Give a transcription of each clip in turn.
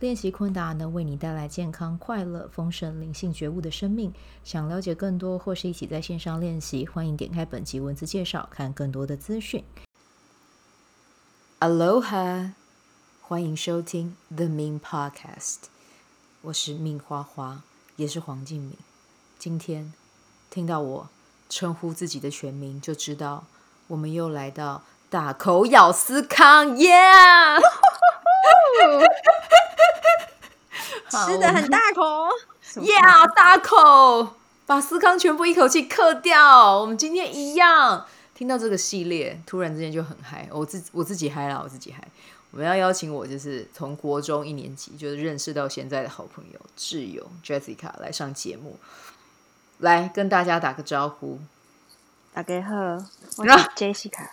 練習昆達能為你帶來健康、快樂、豐盛、靈性、覺悟的生命。想了解更多，或是一起在線上練習，歡迎點開本集文字介紹，看更多的資訊。Aloha，歡迎收聽 The Min Podcast。我是 Min 花花，也是黃靜敏。今天聽到我稱呼自己的全名，就知道我們又來到大口咬司康耶。Yeah! 吃的很大口，呀，yeah，大口把司康全部一口氣嗑掉。我們今天一樣，聽到這個系列，突然之間就很嗨。我自我自己嗨啦，我自己嗨。我，己 high, 我們要邀請我，就是從國中一年級就是認識到現在的好朋友摯友 Jessica 來上節目，來跟大家打個招呼。大家好，我是 Jessica，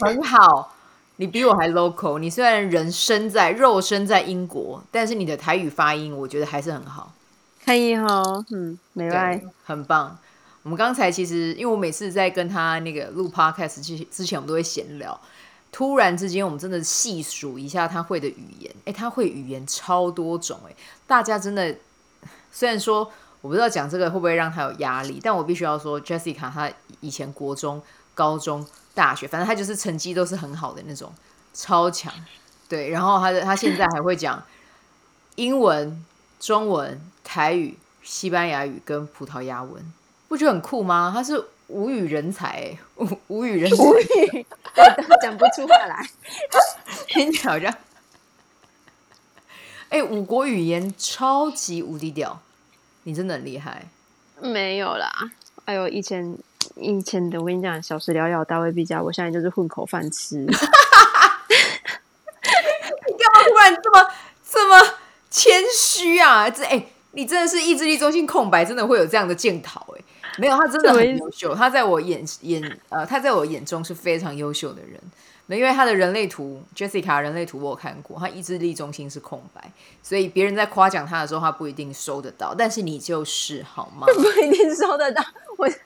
很好。你比我還 local。你雖然人生在肉身在英國，但是你的台語發音，我覺得還是很好，可以齁。嗯，沒有，很棒。我們剛才其實，因為我每次在跟他那個錄 podcast 之之前，我們都會閒聊。突然之間，我們真的細數一下他會的語言，哎、欸，他會語言超多種、欸，哎，大家真的雖然說我不知道講這個會不會讓他有壓力，但我必須要說，Jessica 他以前國中、高中。大學，反正他就是成績都是很好的那種，超強。對，然後他的他現在還會講英文、 中文、台語、西班牙語跟葡萄牙文，不覺得很酷嗎？他是無語人才、欸無，無語人才，講 不出話來，很挑戰。哎、欸，五國語言超級無敵屌，你真的很厲害。沒有啦，哎呦，以前。以前的我跟你講，小時了了，大未必佳。我現在就是混口飯吃。 你幹嘛突然這麼這麼謙虛啊？這哎、欸，你真的是意志力中心空白，真的會有這樣的檢討、欸？哎，沒有，他真的很優秀。他在我眼眼呃，他在我眼中是非常優秀的人。那因為他的人類圖 Jessica 人類圖我,我看過，他意志力中心是空白，所以別人在誇獎他的時候，他不一定收得到。但是你就是好嗎？ 不一定收得到。我。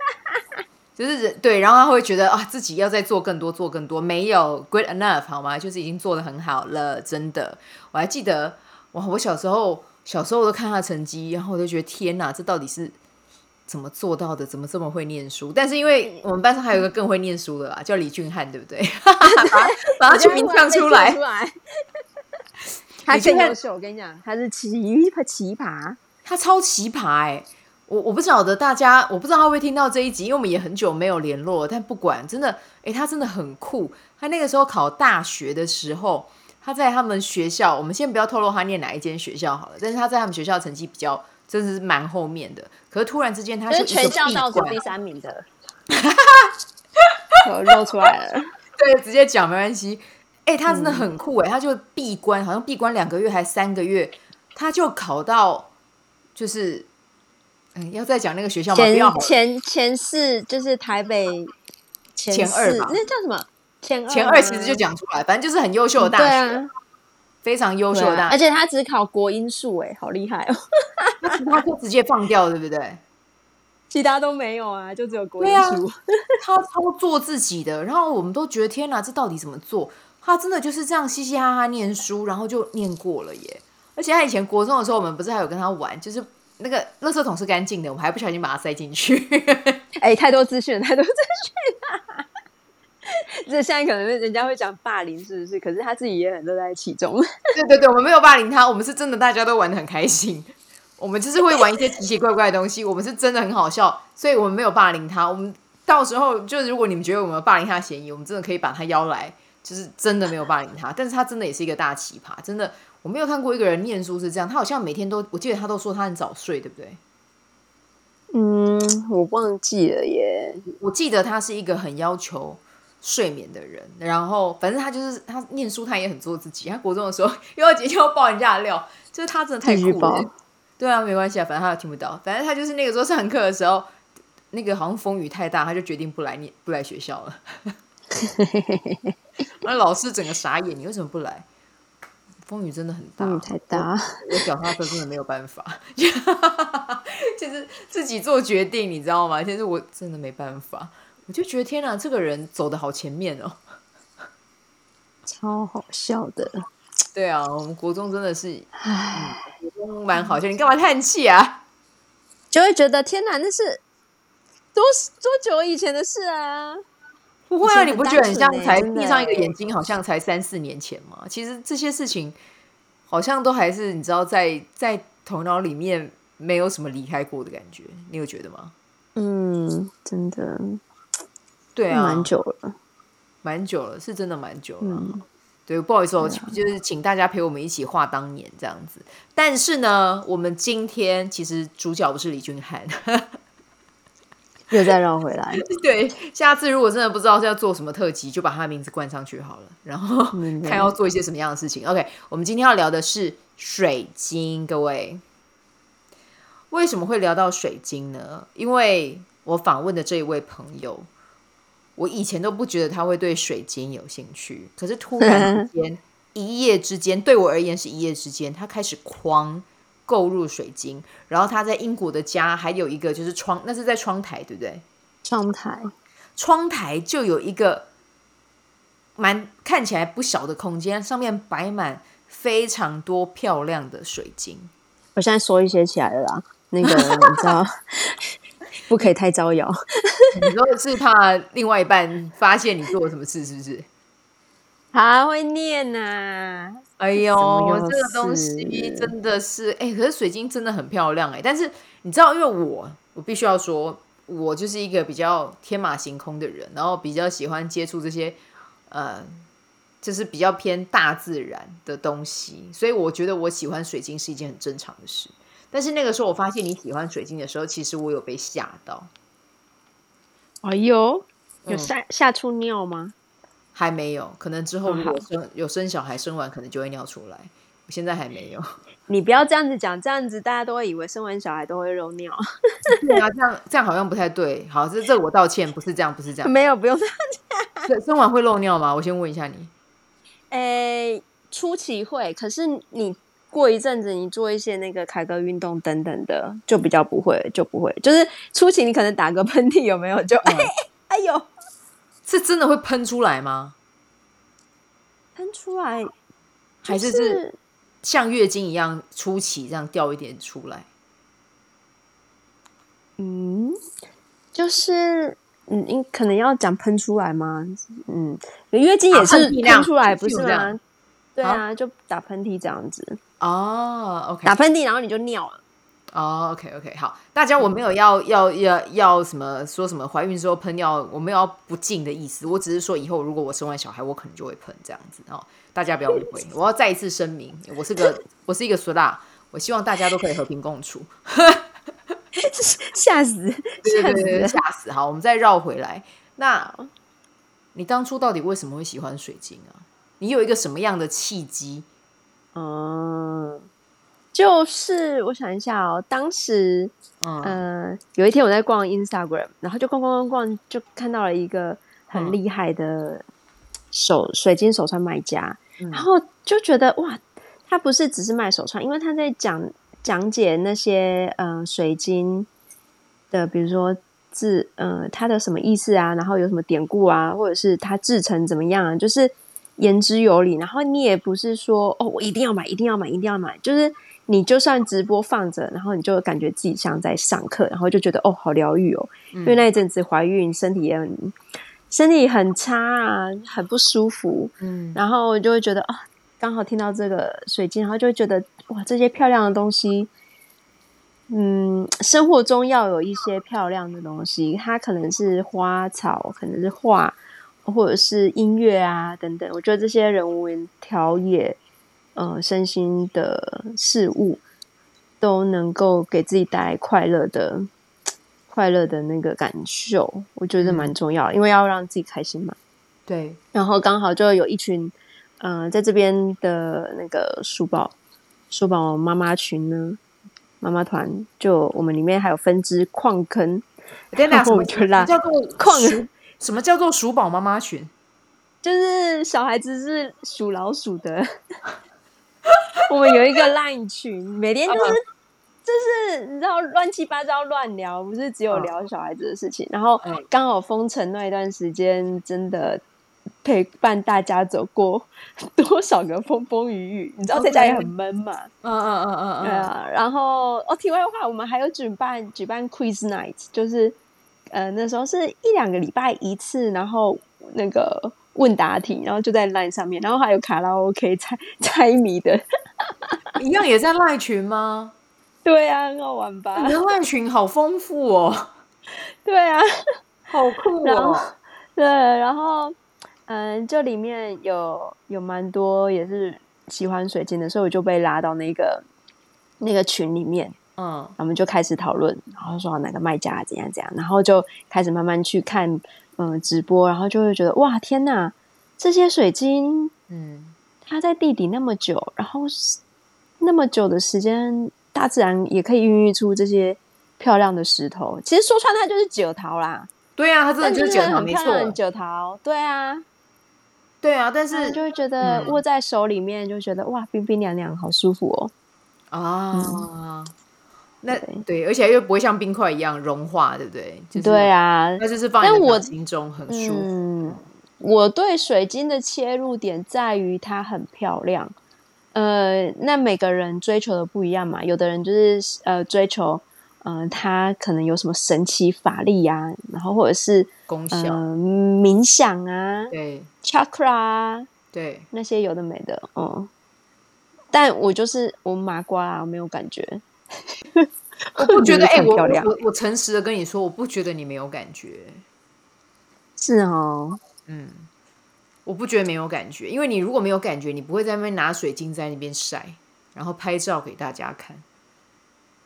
就是對，然後他會覺得啊，自己要再做更多，做更多，沒有 good enough 好嗎？就是已經做的很好了，真的。我還記得，哇，我小時候小時候我都看他成績，然後我就覺得天哪，這到底是怎麼做到的？怎麼這麼會念書？但是因為我們班上還有一個更會念書的啦，叫李俊翰，對不對？把他名字放出來。 他真的是，我跟你講，他是奇葩奇葩，他超奇葩欸。我我不曉得大家，我不知道他會不會聽到這一集，因為我們也很久沒有聯絡了。但不管，真的，哎、欸，他真的很酷。他那個時候考大學的時候，他在他們學校，我們先不要透露他念哪一間學校好了。但是他在他們學校的成績比較，真的是蠻後面的。可是突然之間，他是全校倒數第三名的。哈 哈，我露出來了。 對，直接講沒關係。哎、欸，他真的很酷，哎、嗯欸，他就閉關，好像閉關兩個月還三個月，他就考到，就是。嗯、要再講那個學校嗎？前前前四就是台北前，前二嘛，那叫什麼前前二、啊？前二其實就講出來，反正就是很優秀的大學，嗯啊、非常優秀的大學、啊。而且他只考國英數，哎，好厲害哦！其 他都直接放掉，對不對？其他都沒有啊，就只有國英數、啊 他超做自己的，然後我們都覺得天哪、啊，這到底怎麼做？他真的就是這樣嘻嘻哈哈念書，然後就念過了耶。而且他以前國中的時候，我們不是還有跟他玩，就是。那個垃圾桶是乾淨的，我們還不小心把它塞進去。哎、 欸，太多資訊，太多資訊啦！ 這現在可能人家會講霸凌，是不是？可是他自己也很樂在其中。 對對對，我們沒有霸凌他，我們是真的大家都玩得很開心。我們就是會玩一些奇奇怪怪的東西， 我們是真的很好笑，所以我們沒有霸凌他。我們到時候就如果你們覺得我們霸凌他的嫌疑，我們真的可以把他邀來，就是真的沒有霸凌他。但是他真的也是一個大奇葩，真的。我沒有看過一個人念書是這樣，他好像每天都，我記得他都說他很早睡，對不對？嗯，我忘記了耶。我記得他是一個很要求睡眠的人，然後反正他就是他念書，他也很做自己。他國中的時候又要整天要爆人家的料，就是他真的太酷了太。對啊，沒關係啊，反正他也聽不到。反正他就是那個時候上課的時候，那個好像風雨太大，他就決定不來念，不來學校了。那 老師整個傻眼，你為什麼不來？風雨真的很大，太大，我腳踏車真的沒有辦法， 就是自己做決定，你知道嗎？其實我真的沒辦法，我就覺得天哪，這個人走得好前面哦，超好笑的。對啊，我們國中真的是，唉，國中蠻好笑，你幹嘛嘆氣啊？就會覺得天哪，那是多多久以前的事啊？不會啊！你不覺得很像才閉上一個眼睛，好像才三四年前嗎？其實這些事情好像都還是你知道在，在在頭腦裡面沒有什麼離開過的感覺，你有覺得嗎？嗯，真的，對啊，蠻久了，蠻久了，是真的蠻久了。嗯、對，不好意思、哦嗯，就是請大家陪我們一起畫當年這樣子。但是呢，我們今天其實主角不是李俊翰。 又再繞回來， 對，下次如果真的不知道是要做什麼特輯，就把他的名字冠上去好了，然後，mm -hmm. 看要做一些什麼樣的事情。OK，我們今天要聊的是水晶，各位。為什麼會聊到水晶呢？因為我訪問的這一位朋友，我以前都不覺得他會對水晶有興趣，可是突然間， 一夜之間，對我而言是一夜之間，他開始狂。購入水晶，然後他在英國的家還有一個就是窗，那是在窗台，對不對？窗台。窗台就有一個蠻看起來不小的空間，上面擺滿非常多漂亮的水晶。我現在說一些起來了，那個你知道， 不可以太招搖。你說是怕另外一半發現你做了什麼事，是不是？好會念啊。哎呦，這個東西真的是哎、欸，可是水晶真的很漂亮哎、欸。但是你知道，因為我我必須要說，我就是一個比較天馬行空的人，然後比較喜歡接觸這些呃，就是比較偏大自然的東西，所以我覺得我喜歡水晶是一件很正常的事。但是那個時候我發現你喜歡水晶的時候，其實我有被嚇到。哎呦，有嚇嚇出尿嗎？嗯。還沒有，可能之後有生、嗯、有生小孩，生完可能就會尿出來。我現在還沒有。你不要這樣子講，這樣子大家都會以為生完小孩都會漏尿。你 要、啊、這樣，這樣好像不太對。好，這這我道歉，不是這樣，不是這樣。 沒有，不用這樣講。生完會漏尿嗎？我先問一下你。哎、欸、初期會，可是你過一陣子，你做一些那個凱格運動等等的，就比較不會，就不會。就是初期你可能打個噴嚏，有沒有就哎、嗯欸、哎呦。是真的會噴出來嗎？噴出來、就是，還是是像月經一樣初期這樣掉一點出來？嗯，就是嗯，你可能要講噴出來嗎？嗯，月經也是噴出來、啊、是噴出來不是嗎？對啊，啊，就打噴嚏這樣子哦、啊。OK，打噴嚏然後你就尿了、啊。哦、oh,，OK，OK，、okay, okay、好，大家我沒有要要要要什麼說什麼懷孕之後噴尿，我沒有要不敬的意思，我只是說以後如果我生完小孩，我可能就會噴這樣子哦，大家不要誤會，我要再一次聲明，我是個 我是一個俗辣，我希望大家都可以和平共處， 嚇死，嚇死 對，對對對，嚇死，好，我們再繞回來，那你當初到底為什麼會喜歡水晶啊？你有一個什麼樣的契機？嗯。就是我想一下哦，當時、嗯、呃有一天我在逛 Instagram，然後就逛逛逛逛，就看到了一個很厲害的手、嗯、水晶手串買家，然後就覺得哇，他不是只是賣手串，因為他在講講解那些嗯、呃、水晶的，比如說字嗯、呃，它的什麼意思啊，然後有什麼典故啊，嗯、或者是它制成怎麼樣，啊，就是言之有理。然後你也不是說哦，我一定要買，一定要買，一定要買，就是。你就算直播放着，然後你就感覺自己像在上課，然後就覺得哦，好療癒哦、嗯。因為那一陣子懷孕，身體也很身體很差啊，很不舒服。嗯、然後就會覺得啊，哦、剛好聽到這個水晶，然後就會覺得哇，這些漂亮的東西，嗯，生活中要有一些漂亮的東西，它可能是花草，可能是畫，或者是音樂啊等等。我覺得這些人文調也，呃，身心的事物都能夠給自己帶來快樂的快樂的那個感受，我覺得蠻重要，嗯，因為要讓自己開心嘛。對。然後剛好就有一群，嗯，呃，在這邊的那個鼠寶鼠寶媽媽群呢，媽媽團，就我們裡面還有分支礦坑。們叫做礦？什麼叫做鼠寶媽媽群？就是小孩子是屬老鼠的。 我們有一個 LINE 群，每天就是、oh. 就是就是你知道亂七八糟亂聊，不是只有聊小孩子的事情。Oh. 然後剛好封城那一段時間，真的陪伴大家走過多少個風風雨雨。Okay. 你知道在家也很悶嘛，嗯嗯嗯嗯，對啊。然後哦，題外話，我們還有舉辦舉辦 Quiz Night，就是呃那時候是一兩個禮拜一次，然後那個。問答題，然後就在 line 上面，然後還有卡拉 OK 猜猜謎的，一 樣也在賴群嗎？對啊，很好玩吧？欸，賴群好豐富哦，對啊，好酷哦。然後對，然後嗯，呃，這裡面有有蠻多也是喜歡水晶的，所以我就被拉到那個那個群裡面，嗯，我們就開始討論，然後說哪個賣家怎樣怎樣，然後就開始慢慢去看。嗯、呃，直播然後就會覺得哇，天哪！這些水晶，嗯，它在地底那麼久，然後那麼久的時間，大自然也可以孕育出這些漂亮的石頭。其實說穿它就是九桃啦。對啊，它真的就是九桃、桃，沒錯，九桃。對啊，對啊，但是、嗯、就會覺得握在手裡面就覺得、嗯、哇，冰冰涼、涼涼，好舒服哦。啊。嗯啊那對，對，而且又不會像冰塊一樣融化，對不對？就是，對啊，那就是放在我心中很舒服，我、嗯嗯。我對水晶的切入點在於它很漂亮。呃，那每個人追求的不一樣嘛，有的人就是呃追求，呃，它可能有什麼神奇法力呀，啊，然後或者是功效，呃，冥想啊，對，chakra，啊，對，那些有的沒的，嗯。但我就是我麻瓜啊，我沒有感覺。 我不覺得，哎、欸，我我我誠實的跟你說，我不覺得你沒有感覺，是哦，嗯，我不覺得沒有感覺，因為你如果沒有感覺，你不會在那邊拿水晶在那邊晒，然後拍照給大家看。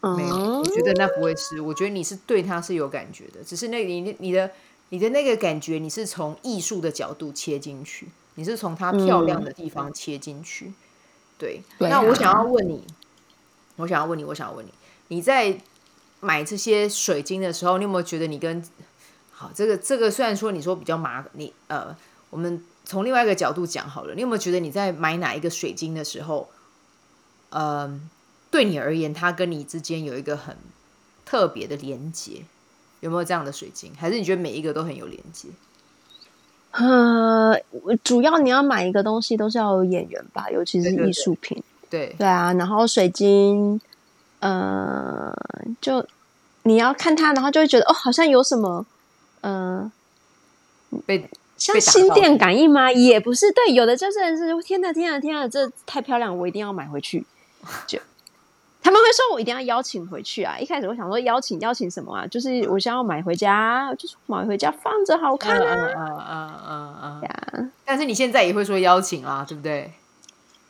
沒有，我覺得那不會是，我覺得你是對他是有感覺的，只是那你你的你的那個感覺，你是從藝術的角度切進去，你是從它漂亮的地方切進去。嗯、對，對、啊，那我想要問你。我想要問你，我想要問你，你在買這些水晶的時候，你有沒有覺得你跟好這個這個？這個、雖然說你說比較麻，你呃，我們從另外一個角度講好了，你有沒有覺得你在買哪一個水晶的時候，呃、對你而言，它跟你之間有一個很特別的連接？有沒有這樣的水晶？還是你覺得每一個都很有連接？呃，主要你要買一個東西都是要有眼緣吧，尤其是藝術品。欸對對對對啊，然後水晶，呃，就你要看它，然後就會覺得哦，好像有什麼，嗯、呃，被，被像心電感應嗎？也不是，對，有的就是是天吶天吶天吶，這太漂亮，我一定要買回去。就 他們會說我一定要邀請回去啊！一開始我想說邀請邀請什麼啊？就是我想要買回家，就是買回家放着好看啊。啊啊啊啊。但是你現在也會說邀請啊，對不對？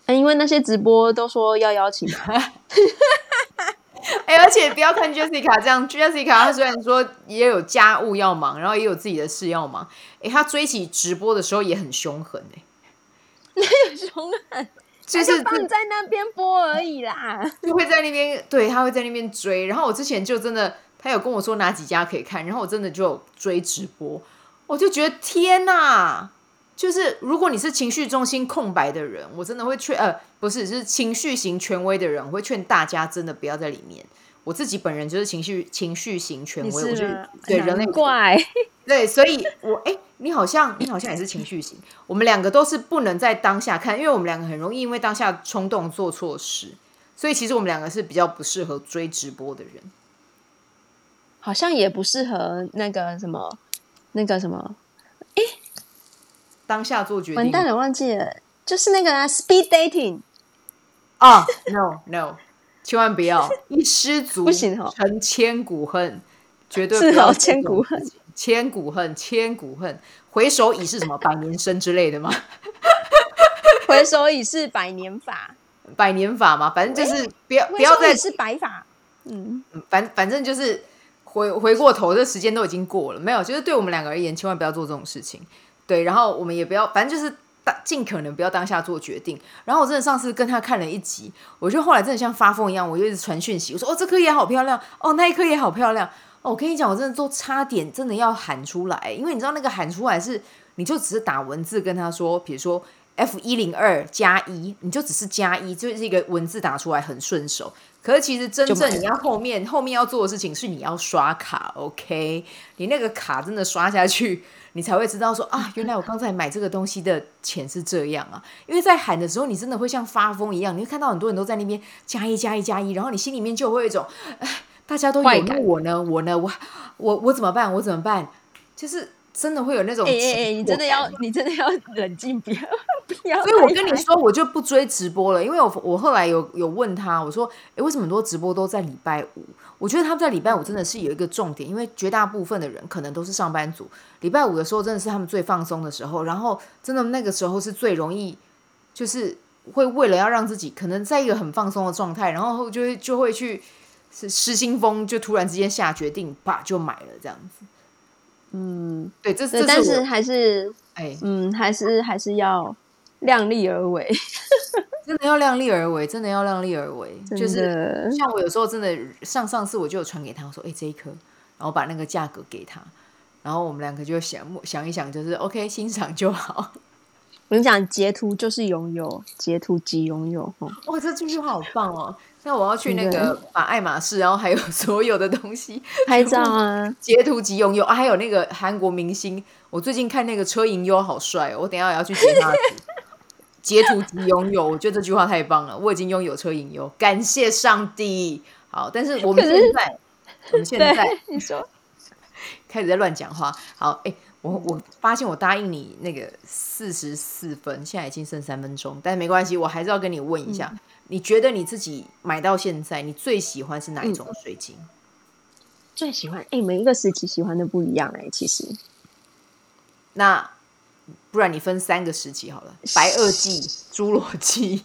欸、因為那些直播都說要邀請他。 欸、而且不要看 Jessica 這樣 ，Jessica 她雖然說也有家務要忙，然後也有自己的事要忙，哎、欸，她追起直播的時候也很凶狠呢、欸。哪有凶狠？就是放在那邊播而已啦。就會在那邊，對他會在那邊追。然後我之前就真的，他有跟我說哪幾家可以看，然後我真的就追直播，我就覺得天哪！就是如果你是情緒中心空白的人，我真的會勸呃，不是，就是情緒型權威的人，我會勸大家真的不要在裡面。我自己本人就是情緒情緒型權威，我覺得對人類怪，對，所以我哎，你好像你好像也是情緒型， 我們兩個都是不能在當下看，因為我們兩個很容易因為當下衝動做錯事，所以其實我們兩個是比較不適合追直播的人，好像也不適合那個什麼那個什麼，哎。當下做決定，完蛋了，忘記了，就是那個啊，speed dating，啊，oh，no no，千萬不要一失足成千古恨，絕對是千古恨，千古恨，千古恨，回首已是什麼百年身之類的嗎？ 回首已是百年法，百年法嘛，反正就是不要不要再是白法，嗯，反反正就是回回過頭的時間都已經過了，沒有，就是對我們兩個而言，千萬不要做這種事情。對，然後我們也不要，反正就是盡可能不要當下做決定。然後我真的上次跟他看了一集，我就後來真的像發瘋一樣，我就一直傳訊息，我說哦，這顆也好漂亮，哦，那一顆也好漂亮。哦，我跟你講，我真的都差點真的要喊出來，因為你知道那個喊出來是你就只是打文字跟他說，比如說 F 一零二加一，你就只是加一，就是一個文字打出來很順手。可是其實真正你要後面後面要做的事情是你要刷卡，OK？你那個卡真的刷下去。你才會知道說啊，原來我剛才買這個東西的錢是這樣啊！因為在喊的時候，你真的會像發瘋一樣，你會看到很多人都在那邊加一加一加一，然後你心裡面就會有一種，哎，大家都有，我呢？我呢？我我我怎麼辦？我怎麼辦？就是真的會有那種，哎、欸、你真的要，你真的要冷靜，不要不要。所以我跟你說，我就不追直播了，因為我我後來有有問他，我說，哎、欸，為什麼很多直播都在禮拜五？我覺得他們在禮拜五真的是有一個重點，因為絕大部分的人可能都是上班族，禮拜五的時候真的是他們最放鬆的時候，然後真的那個時候是最容易，就是會為了要讓自己可能在一個很放鬆的狀態，然後就就會去失失心瘋，就突然之間下決定，啪就買了這樣子。嗯，對，這是但是還是哎，嗯，還是還是要量力而為。 真的要量力而為，真的要量力而為，就是像我有時候真的上上次我就有傳給他說，我說哎這一顆，然後把那個價格給他，然後我們兩個就想想一想，就是 OK 欣賞就好。我講截圖就是擁有，截圖即擁有。哇、哦哦，這句話好棒哦！那我要去那個把愛馬仕，然後還有所有的東西拍照啊，截圖即擁有啊，還有那個韓國明星，我最近看那個車銀優好帥、哦，我等一下也要去接他。 截圖即擁有，我覺得這句話太棒了，我已經擁有車影遊，感謝上帝。好，但是我們現在，我們現在，你說，開始在亂講話。好，欸、我我發現我答應你那個四十四分，現在已經剩三分鐘，但是沒關係，我還是要跟你問一下、嗯，你覺得你自己買到現在，你最喜歡是哪一種水晶？嗯、最喜歡？哎、欸，每一個時期喜歡的不一樣哎、欸，其實，那。不然你分三個時期好了，白堊紀、侏羅紀，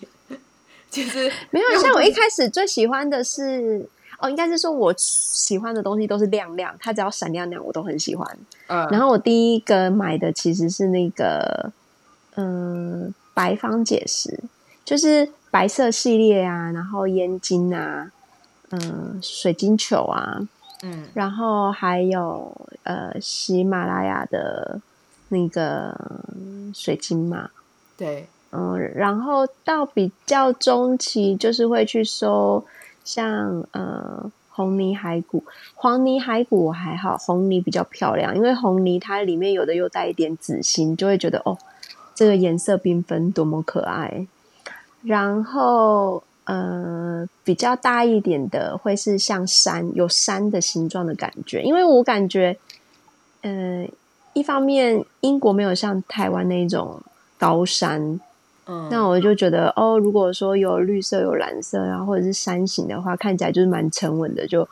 其實 沒有。像我一開始最喜歡的是哦，應該是說我喜歡的東西都是亮亮，它只要閃亮亮我都很喜歡。嗯，然後我第一個買的其實是那個嗯、呃、白方解石，就是白色系列啊，然後煙晶啊，嗯、呃、水晶球啊，嗯，然後還有呃喜馬拉雅的。那個水晶嘛，對，嗯，然後到比較中期，就是會去收像呃紅泥骸骨，黃泥骸骨我還好，紅泥比較漂亮，因為紅泥它裡面有的又帶一點紫心，就會覺得哦，這個顏色繽紛，多麼可愛。然後呃，比較大一點的會是像山，有山的形狀的感覺，因為我感覺，嗯、呃，一方面，英國沒有像台灣那種高山，嗯，那我就覺得哦，如果說有綠色、有藍色啊，或者是山形的話，看起來就是蠻沉穩的，就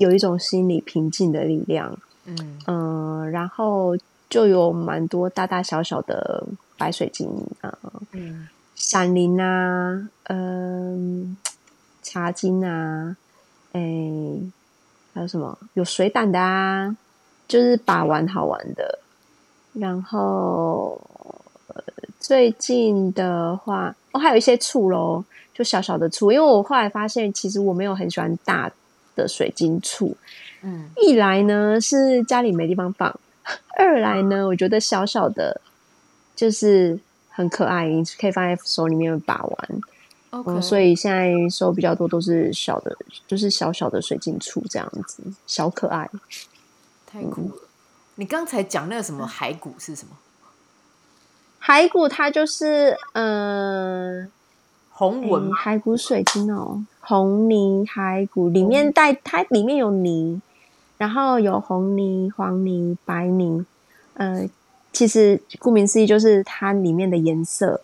有一種心理平靜的力量，嗯嗯，然後就有蠻多大大小小的白水晶啊，嗯，閃靈啊，嗯，嗯，茶晶啊，哎、欸，還有什麼有水膽的啊。就是把玩好玩的，然後最近的話，哦，還有一些簇咯，就小小的簇，因為我後來發現，其實我沒有很喜歡大的水晶簇。嗯，一來呢是家裡沒地方放，二來呢我覺得小小的，就是很可愛，你可以放在手裡面把玩。Okay. 嗯，所以現在收比較多都是小的，就是小小的水晶簇這樣子，小可愛。太酷了，你剛才講那個什麼骸、嗯、骨是什麼？骸骨它就是嗯、呃、紅紋骸、欸、骨水晶哦、喔，紅泥骸骨裡面帶、哦、它裡面有泥，然後有紅泥、黃泥、白泥，呃，其實顧名思義就是它裡面的顏色、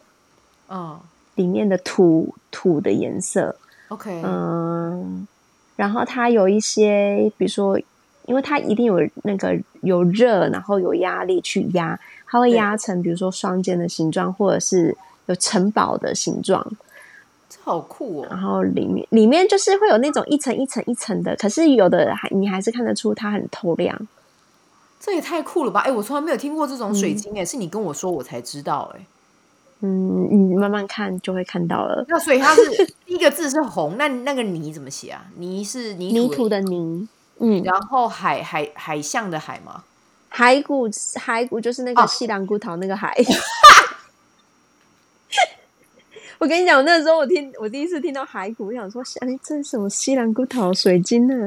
哦、裡面的土土的顏色。OK，嗯、呃，然後它有一些比如說。因為它一定有那個有熱，然後有壓力去壓，它會壓成比如說雙肩的形狀，或者是有城堡的形狀。這好酷哦！然後裡面裡面就是會有那種一層一層一層的，可是有的還你還是看得出它很透亮。這也太酷了吧！哎、欸，我從來沒有聽過這種水晶，哎、嗯，是你跟我說我才知道，哎。嗯，你慢慢看就會看到了。那所以它是第 一個字是紅，那那個泥怎麼寫啊？泥是泥土的泥。泥嗯，然後海海海象的海嗎？骸骨骸骨就是那個西蘭骨頭那個海。啊、 我跟你講，那個、時候我聽我第一次聽到骸骨，我想說，哎，這是什麼西蘭骨頭水晶呢、啊？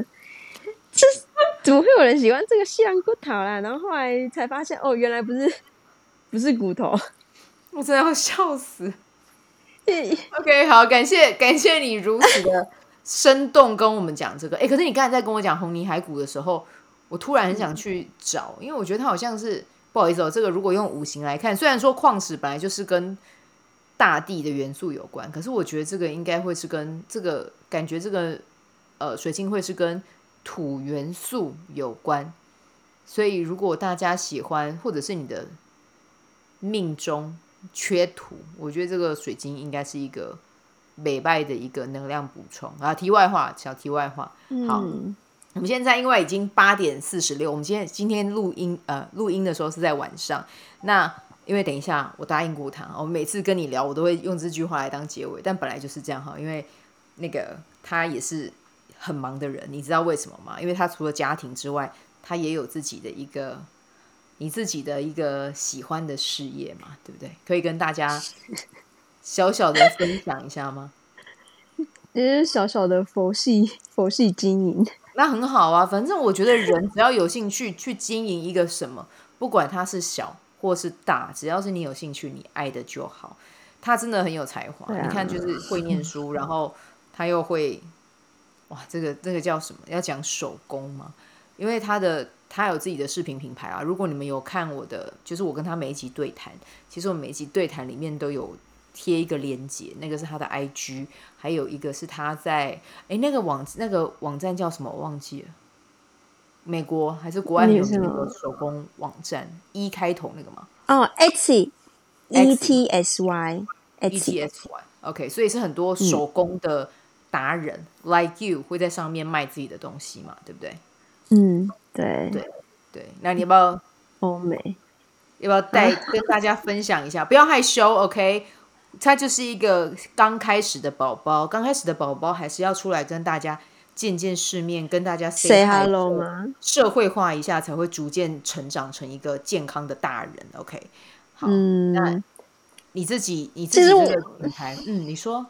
這是怎麼會有人喜歡這個西蘭骨頭啦、啊？然後後來才發現，哦，原來不是不是骨頭，我真的要笑死。 OK，好，感謝感謝你如此的。 生動跟我們講這個，哎，可是你剛才在跟我講紅泥骸骨的時候，我突然很想去找，因為我覺得它好像是，不好意思哦，這個如果用五行來看，雖然說礦石本來就是跟大地的元素有關，可是我覺得這個應該會是跟這個感覺這個呃水晶會是跟土元素有關，所以如果大家喜歡或者是你的命中缺土，我覺得這個水晶應該是一個。美拜的一個能量補充啊。題外話，小題外話。好，嗯。我們現在因為已經八點四十六，我們今天今天錄音呃，錄音的時候是在晚上。那因為等一下我答應過他，我每次跟你聊我都會用這句話來當結尾，但本來就是這樣哈。因為那個他也是很忙的人，你知道為什麼嗎？因為他除了家庭之外，他也有自己的一個你自己的一個喜歡的事業嘛，對不對？可以跟大家。小小的分享一下嗎？其實小小的佛系佛系經營，那很好啊。反正我覺得人只要有興趣去經營一個什麼，不管他是小或是大，只要是你有興趣、你愛的就好。他真的很有才華，啊、你看就是會念書，然後他又會哇，這個這個叫什麼？要講手工嗎？因為他的他有自己的飾品品牌啊。如果你們有看我的，就是我跟他每一集對談，其實我每一集對談裡面都有。貼一個鏈接，那個是他的 IG，還有一個是他在哎，那個網那個網站叫什麼？我忘記了，美國還是國外有那個手工網站，一、e、開頭那個嗎？哦、oh,，Etsy，Etsy，Etsy，OK，、e okay, 所以是很多手工的達人、mm.，like you 會在上面賣自己的東西嘛，對不對？嗯、mm,，對，對，對，那你要不要歐美？要不要帶 跟大家分享一下？不要害羞，OK。他就是一個剛開始的寶寶，剛開始的寶寶還是要出來跟大家見見世面，跟大家 say hello 嗎，社會化一下才會逐漸成長成一個健康的大人。OK，好，嗯、那你自己，你自己這個品牌，嗯，你說，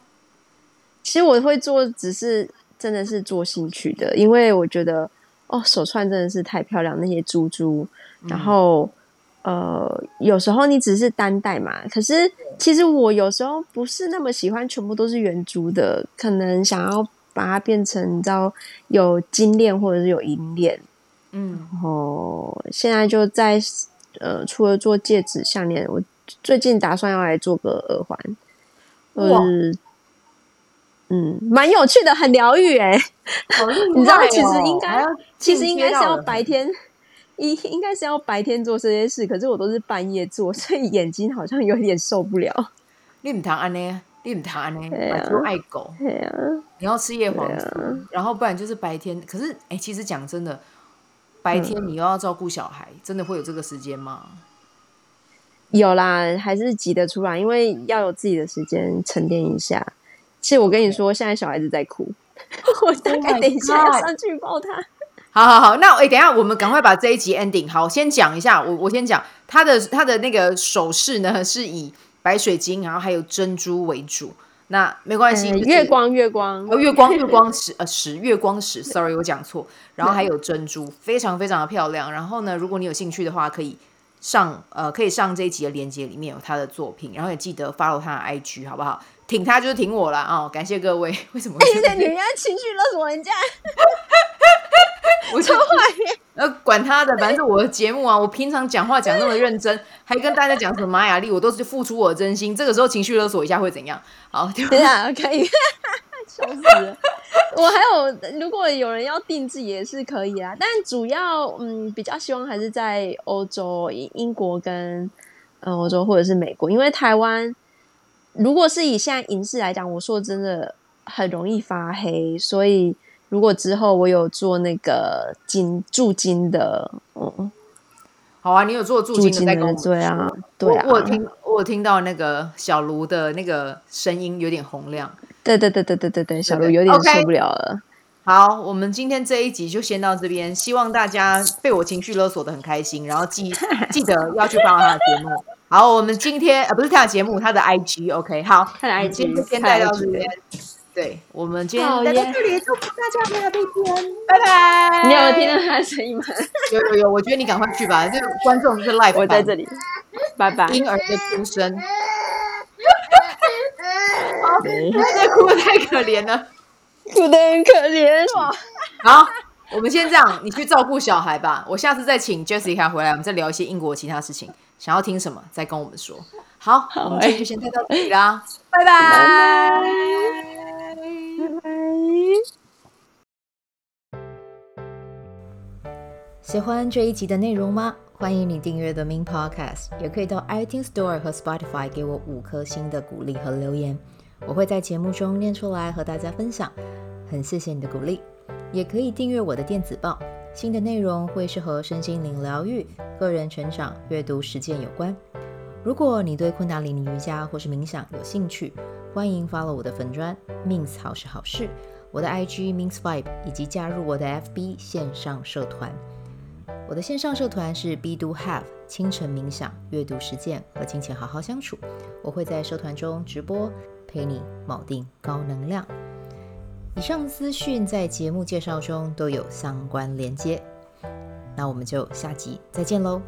其實我會做，只是真的是做興趣的，因為我覺得哦，手串真的是太漂亮，那些珠珠，然後。嗯呃，有時候你只是單戴嘛。可是其實我有時候不是那麼喜歡全部都是圓珠的，可能想要把它變成，你知道，有金鏈或者是有銀鏈。嗯，然後現在就在呃，除了做戒指、項鏈，我最近打算要來做個耳環，就是。哇，嗯嗯，蠻有趣的，很療癒哎。啊、 你知道，其實應該，其實應該是要白天。應應該是要白天做這些事，可是我都是半夜做，所以眼睛好像有點受不了。你不談安呢？你唔談安呢？啊、愛狗、啊，你要吃葉黃素、啊、然後不然就是白天。可是，哎、欸，其實講真的，白天你又要照顧小孩、嗯，真的會有這個時間嗎？有啦，還是擠得出來，因為要有自己的時間沉澱一下。其實我跟你說，現在小孩子在哭， 我大概等一下要上去抱他。Oh 好，好，好，那，哎，等一下，我們趕快把這一集 ending 好，先講一下，我，我先講，他的，他的那個首飾呢，是以白水晶，然後還有珍珠為主，那沒關係，就是嗯，月光，月光，哦，月光， 月光石，呃，石，月光石，sorry，我講錯，然後還有珍珠，非常非常的漂亮，然後呢，如果你有興趣的話，可以上，呃，可以上這一集的鏈接，裡面有他的作品，然後也記得 follow 他的 IG 好不好？挺他就是挺我了啊、哦，感謝各位，為什麼，麼？哎、欸，你人家情緒勒我人家。 我超壞，那管他的，反正是我的節目啊。我平常講話講那麼認真，還跟大家講什麼馬雅曆，我都是付出我的真心。這個時候情緒勒索一下會怎樣？好，對啊，可以。啊 okay,、 笑死了！ 我還有，如果有人要定制也是可以啊。但主要嗯，比較希望還是在歐洲、英國跟呃歐洲或者是美國，因為台灣如果是以現在銀飾來講，我說的真的很容易發黑，所以。如果之後我有做那個金駐金的，嗯，好啊，你有做駐金的，金的對啊，對啊。我，我，我聽我聽到那個小盧的那個聲音有點洪亮，對對對對對對，對對，小盧有點受不了了。Okay. 好，我們今天這一集就先到這邊，希望大家被我情緒勒索的很開心，然後記記得要去 follow 他的節目。 好，我們今天呃不是他的節目，他的 IG OK，好，他的 IG 先帶到這邊。嗯對，我們今天、oh, yeah. 待到這裡，祝福大家明天、oh, yeah. 拜拜。你有，沒有聽到他的聲音嗎？有有有，我覺得你趕快去吧， 這個觀眾是 Live 我在這裡，拜拜。嬰兒的 哭聲，哈哈，這哭太可憐了，哭得很可憐，好， 我們先這樣，你去照顧小孩吧，我下次再請 Jessica 回來，我們再聊一些英國其他事情。想要聽什麼？再跟我們說。好，好欸、我們今天就先待到這裡啦，拜 拜。Bye bye 拜拜，喜歡這一集的內容嗎？歡迎你訂閱 The Min Podcast，也可以到 iTunes Store 和 Spotify 給我五顆星的鼓勵和留言，我會在節目中念出來和大家分享。很謝謝你的鼓勵，也可以訂閱我的電子報，新的內容會是和身心靈療癒、個人成長、閱讀實踐有關。如果你對昆達里尼瑜伽或是冥想有興趣。歡迎 follow 我的粉專，Min 好是好事。我的 IG Min's Vibe，以及加入我的 FB 線上社團。我的線上社團是 Be Do Have，清晨冥想、閱讀實踐和金錢好好相處。我會在社團中直播，陪你錨定高能量。以上資訊在節目介紹中都有相關連接。那我們就下集再見嘍。